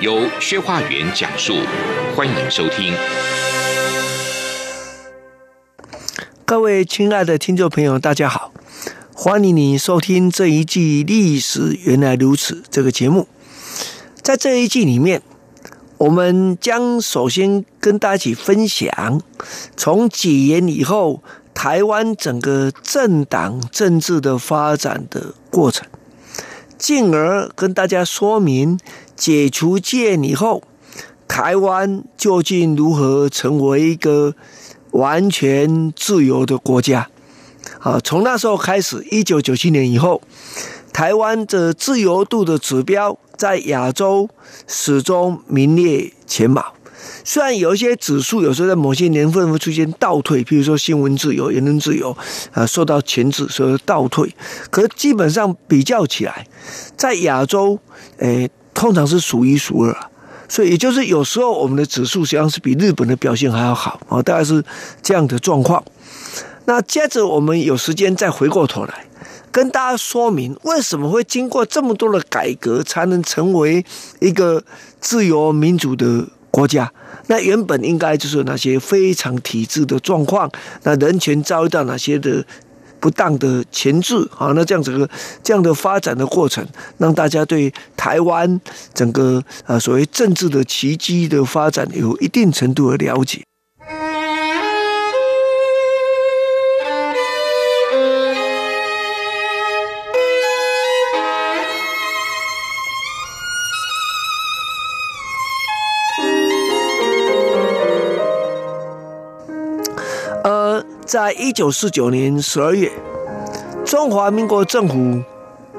由薛化元講述，歡迎收聽。各位親愛的聽眾朋友，大家好，歡迎你收聽這一季《歷史原來如此》這個節目。在這一季裡面，我們將首先跟大家一起分享從解嚴以後台灣整個政黨政治的發展的過程。進而跟大家說明，解除戒嚴以後，台灣究竟如何成為一個完全自由的國家？啊，從那時候開始，一九九七年以後，台灣的自由度的指標在亞洲始終名列前茅。雖然有一些指數有時候在某些年份會出現倒退，譬如說新聞自由、言論自由啊受到鉗制，所以倒退。可是基本上比較起來，在亞洲，誒，欸，通常是數一數二啊，所以也就是有時候我們的指數實際上是比日本的表現還要好啊，大概是這樣的狀況。那接着我們有時間再回過頭來跟大家說明，為什麼會經過這麼多的改革才能成為一個自由民主的國家？那原本應該就是那些非常體制的狀況，那人權遭遇到哪些的不當的箝制，啊？那這樣子的這樣的發展的過程，讓大家對台灣整個呃所謂政治的奇蹟的發展有一定程度的了解。呃，在一九四九年十二月，中華民國政府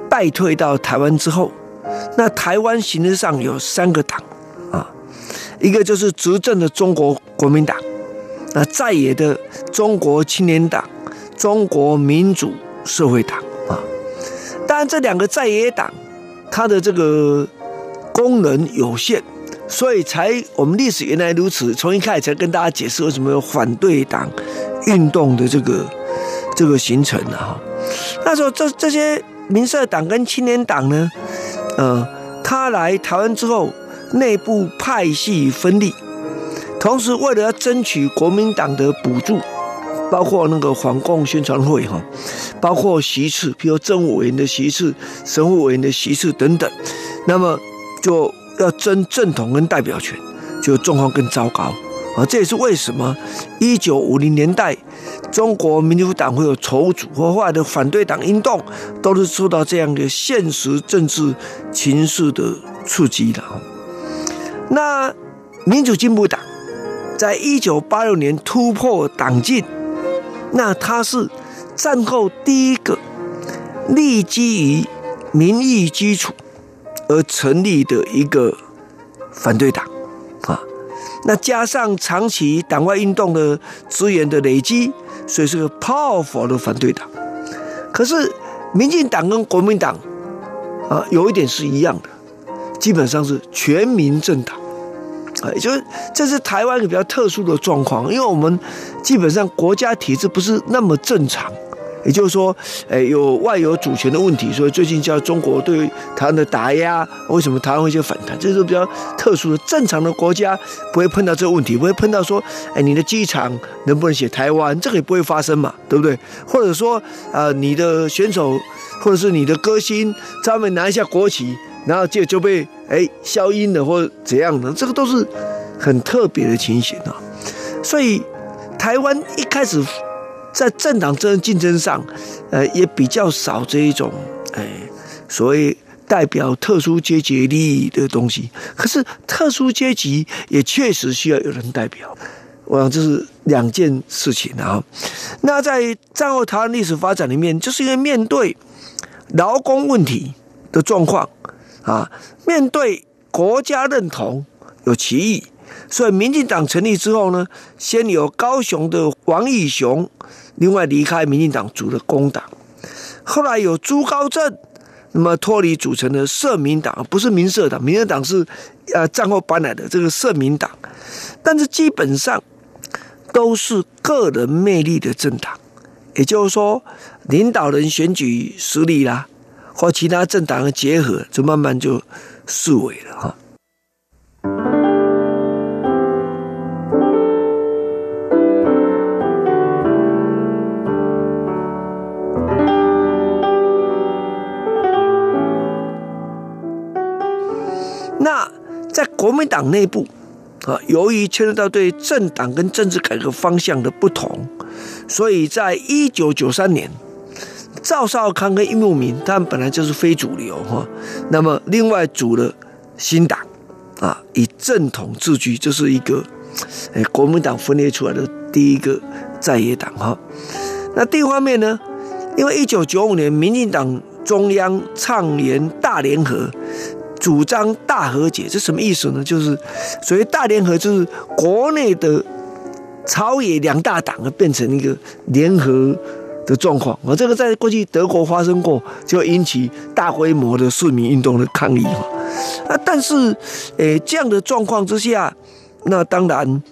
敗退到台灣之後，那台灣形式上有三個黨，啊，一個就是執政的中國國民黨，那在野的中國青年黨、中國民主社會黨啊，當然這兩個在野黨，它的這個功能有限。所以才我們歷史原來如此，從一開始才跟大家解釋為什麼有反對黨運動的這個這個形成啊。那時候這這些民社黨跟青年黨呢，呃，他來台灣之後，內部派系分立，同時為了要爭取國民黨的補助，包括那個反共宣傳會哈，包括席次，比如政務委員的席次、省府委員的席次等等，那麼就。要爭正統跟代表權，就狀況更糟糕。啊，這也是為什麼一九五零年代中國民主黨會有籌組或後來的反對黨運動，都是受到這樣的現實政治情勢的刺激的。那民主進步黨在一九八六年突破黨禁，那他是戰後第一個立基於民意基礎。而成立的一個反對黨啊，那加上長期黨外運動的資源的累積，所以是個 powerful 的反對黨。可是，民進黨跟國民黨啊，有一點是一樣的，基本上是全民政黨啊，也就是這是台灣比較特殊的狀況，因為我們基本上國家體制不是那麼正常。也就是說，哎、欸，有外有主權的問題，所以最近叫中國對台灣的打壓，為什麼台灣會去反彈？這是比較特殊的，正常的國家不會碰到這個問題，不會碰到說，哎、欸，你的機場能不能寫台灣？這個也不會發生嘛，對不對？或者說，呃，你的選手或者是你的歌星，他們拿一下國旗，然後就就被哎、欸，消音了或怎樣的，這個都是很特別的情形啊、喔。所以台灣一開始。在政黨政治競爭上，呃，也比較少這一種，哎、呃，所謂代表特殊階級利益的東西。可是特殊階級也確實需要有人代表，我想這是兩件事情啊。那在戰後台灣歷史發展裡面，就是因為面對勞工問題的狀況啊，面對國家認同有歧義。所以，民進黨成立之後呢，先有高雄的王義雄，另外離開民進黨組的工黨，後來有朱高正，那麼脫離組成的社民黨，不是民社黨，民社黨是呃戰後搬來的這個社民黨，但是基本上都是個人魅力的政黨，也就是說領導人選舉失利啦或其他政黨的結合，就慢慢就式微了哈。國民黨內部，啊，由於牽涉到對政黨跟政治改革方向的不同，所以在一九九三年，趙少康跟郁慕明，他們本來就是非主流哈，那麼另外組了新黨，啊，以正統自居，這，就是一個，哎，國民黨分裂出來的第一個在野黨哈。那第一方面呢，因為一九九五年，民進黨中央倡言大聯合。主張大和解，這什麼意思呢？就是所謂大聯合，就是國內的朝野兩大黨啊，變成一個聯合的狀況。而這個在過去德國發生過，就引起大規模的市民運動的抗議嘛。啊，但是，誒，這樣的狀況之下，那當然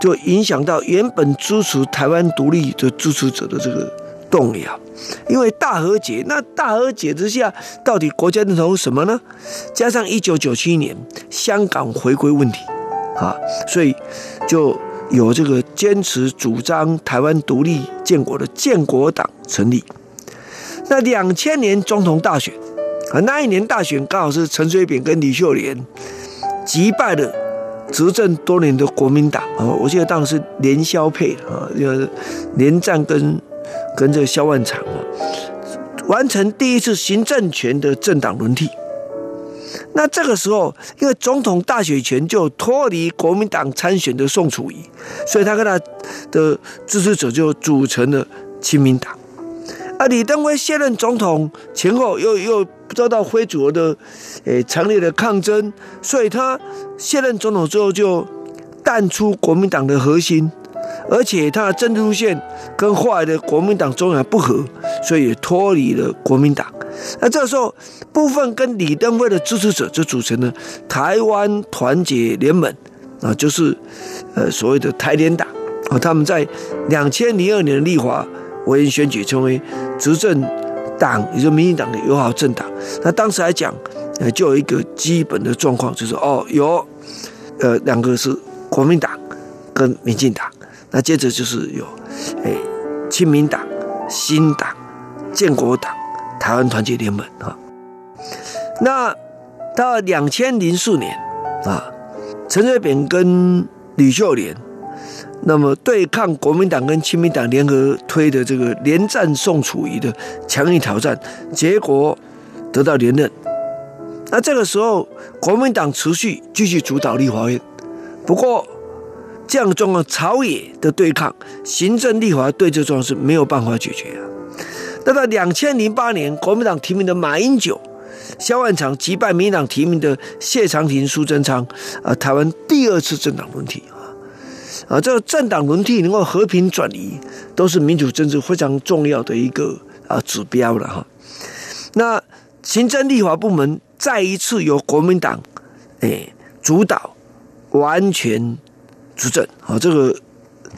就影響到原本支持台灣獨立的支持者的這個動搖。因為大和解，那大和解之下，到底國家認同什麼呢？加上一九九七年香港回歸問題，啊，所以就有這個堅持主張台灣獨立建國的建國黨成立。那兩千年總統大選，啊，那一年大選剛好是陳水扁跟呂秀蓮擊敗了執政多年的國民黨啊，我記得當時是連蕭配啊，就是連戰跟。跟這個蕭萬長啊，完成第一次行政權的政黨輪替。那這個時候，因為總統大選前就脫離國民黨參選的宋楚瑜，所以他跟他的支持者就組成了親民黨。而、啊、李登輝卸任總統前後又，又又遭到非主流的誒強、欸、烈的抗爭，所以他卸任總統之後就淡出國民黨的核心。而且他的政治路線跟後來的國民黨中央不合，所以也脫離了國民黨。那這個時候，部分跟李登輝的支持者就組成了台灣團結聯盟，啊，就是呃所謂的台聯黨啊。他們在兩千零二年的立法委員選舉成為執政黨，也就是民進黨的友好政黨。那當時來講，呃，就有一個基本的狀況，就是哦，有呃兩個是國民黨跟民進黨。那接着就是有，哎，親民黨、新黨、建國黨、台灣團結聯盟啊。那到兩千零四年啊，陳水扁跟呂秀蓮，那麼對抗國民黨跟親民黨聯合推的這個連戰宋楚瑜的強硬挑戰，結果得到連任。那這個時候，國民黨持續繼續主導立法院，不過。這樣狀況，朝野的對抗，行政立法對這種是沒有辦法解決啊。那在兩千零八年，國民黨提名的馬英九、蕭萬長擊敗民進黨提名的謝長廷、蘇貞昌，啊、呃，台灣第二次政黨輪替啊，啊，這個政黨輪替能夠和平轉移，都是民主政治非常重要的一個啊指標了哈。那行政立法部門再一次由國民黨哎主導，完全。執政，啊、哦，這個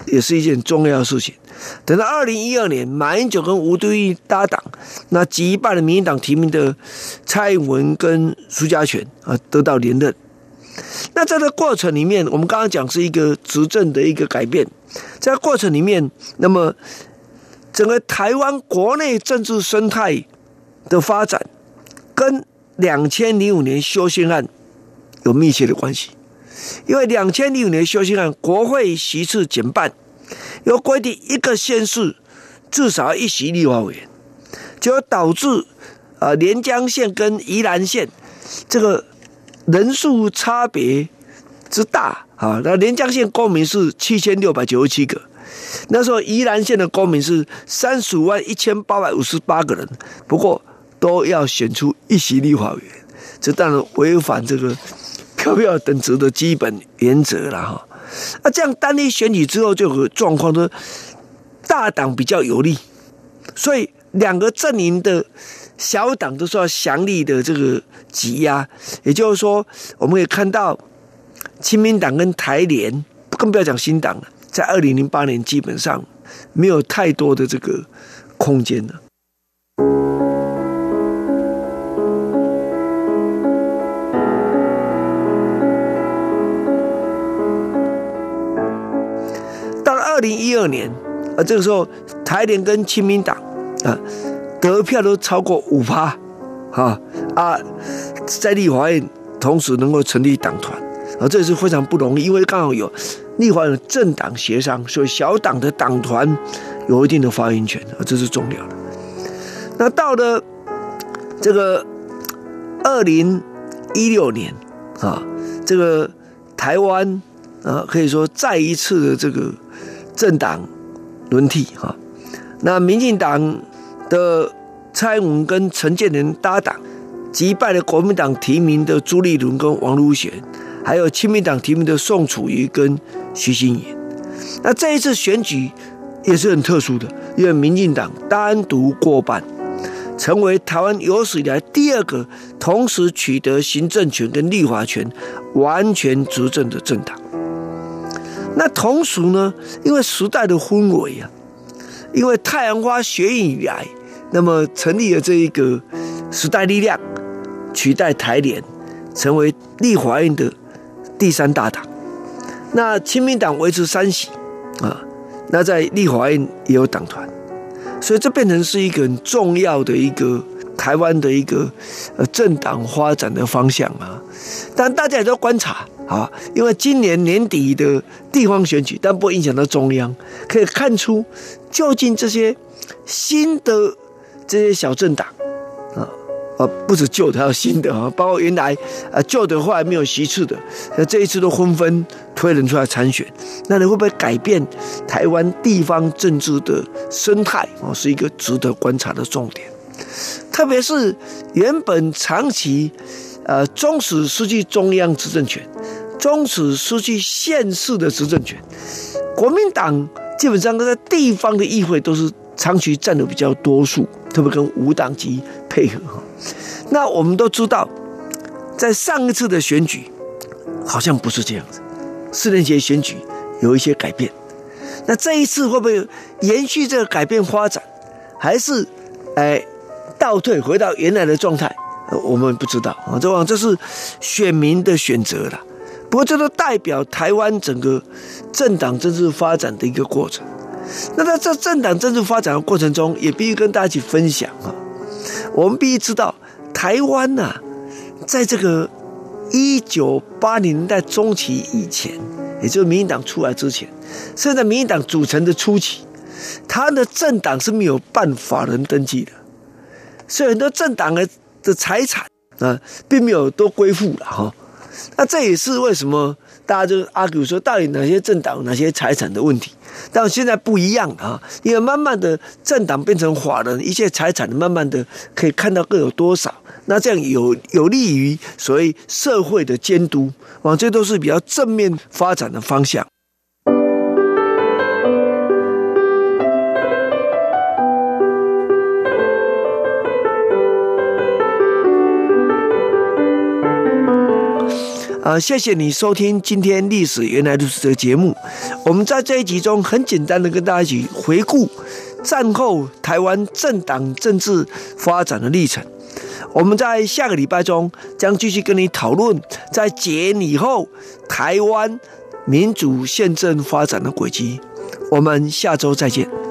也是一件重要的事情。等到二零一二年，馬英九跟吳敦義搭檔，那擊敗了民進黨提名的蔡英文跟蘇嘉全啊，得到連任。那在這個過程裡面，我們剛剛講是一個執政的一個改變，在過程裡面，那麼整個台灣國內政治生態的發展，跟兩千零五年修憲案有密切的關係。因為兩千零五年修憲後，國會席次減半，又規定一個縣市至少一席立法委員，就導致啊連江縣跟宜蘭縣這個人數差別之大啊。那連江縣公民是七千六百九十七個，那時候宜蘭縣的公民是三十五萬一千八百五十八個人。不過都要選出一席立法委員，這當然違反這個。要不要等值的基本原則了哈，啊，這樣單一選舉之後，就有個狀況說，大黨比較有利，所以兩個陣營的小黨都是要強力的這個擠壓，也就是說，我們可以看到，親民黨跟台聯，更不要講新黨了，在二零零八年基本上沒有太多的這個空間了。零一二年，啊，這個時候，台聯跟親民黨，啊，得票都超過五趴，啊啊，在立法院同時能夠成立黨團，啊，這也是非常不容易，因為剛好有立法院政黨協商，所以小黨的黨團有一定的發言權，啊，這是重要的。那到了這個二零一六年，啊，這個台灣，啊，可以說再一次的這個。政黨輪替哈，那民進黨的蔡英文跟陳建仁搭檔擊敗了國民黨提名的朱立倫跟王如玄，還有親民黨提名的宋楚瑜跟徐欣瑩。那這一次選舉也是很特殊的，因為民進黨單獨過半，成為台灣有史以來第二個同時取得行政權跟立法權完全執政的政黨。那同時呢，因為時代的氛圍啊，因為太陽花學運以來，那麼成立了這一個時代力量，取代台聯，成為立法院的第三大黨。那親民黨維持三席，啊，那在立法院也有黨團，所以這變成是一個很重要的一個台灣的一個呃政黨發展的方向啊。但大家也都觀察。啊，因為今年年底的地方選舉，但不影響到中央。可以看出，究竟這些新的這些小政黨，啊啊，不止舊的，還有新的啊，包括原來啊舊的，話還沒有席次的，這一次都紛紛推人出來參選。那你會不會改變台灣地方政治的生態？哦，是一個值得觀察的重點。特別是原本長期呃始終失去中央執政權。從此失去縣市的執政權，國民黨基本上在地方的議會都是長期占的比較多數，特別跟無黨籍配合，那我們都知道，在上一次的選舉好像不是這樣子，四年前選舉有一些改變。那這一次會不會延續這個改變發展，還是哎倒退回到原來的狀態？我們不知道啊，這往這是選民的選擇了。不過，這都代表台灣整個政黨政治發展的一個過程。那在這政黨政治發展的過程中，也必須跟大家一起分享啊。我們必須知道，台灣吶、啊，在這個一九八零年代中期以前，也就是民進黨出來之前，甚至民進黨組成的初期，它的政黨是沒有辦法能登記的，所以很多政黨的的財產啊，並沒有都歸附了哈。那這也是為什麼大家就 argue 說到底哪些政黨、哪些財產的問題，但現在不一樣啊，因為慢慢的政黨變成法人，一些財產慢慢的可以看到各有多少，那這樣有有利於所謂社會的監督，往這都是比較正面發展的方向。啊，謝謝你收聽今天《歷史原來如此》這個節目。我們在這一集中很簡單的跟大家一起回顧戰後台灣政黨政治發展的歷程。我們在下個禮拜中將繼續跟你討論在解嚴以後台灣民主憲政發展的軌跡。我們下周再見。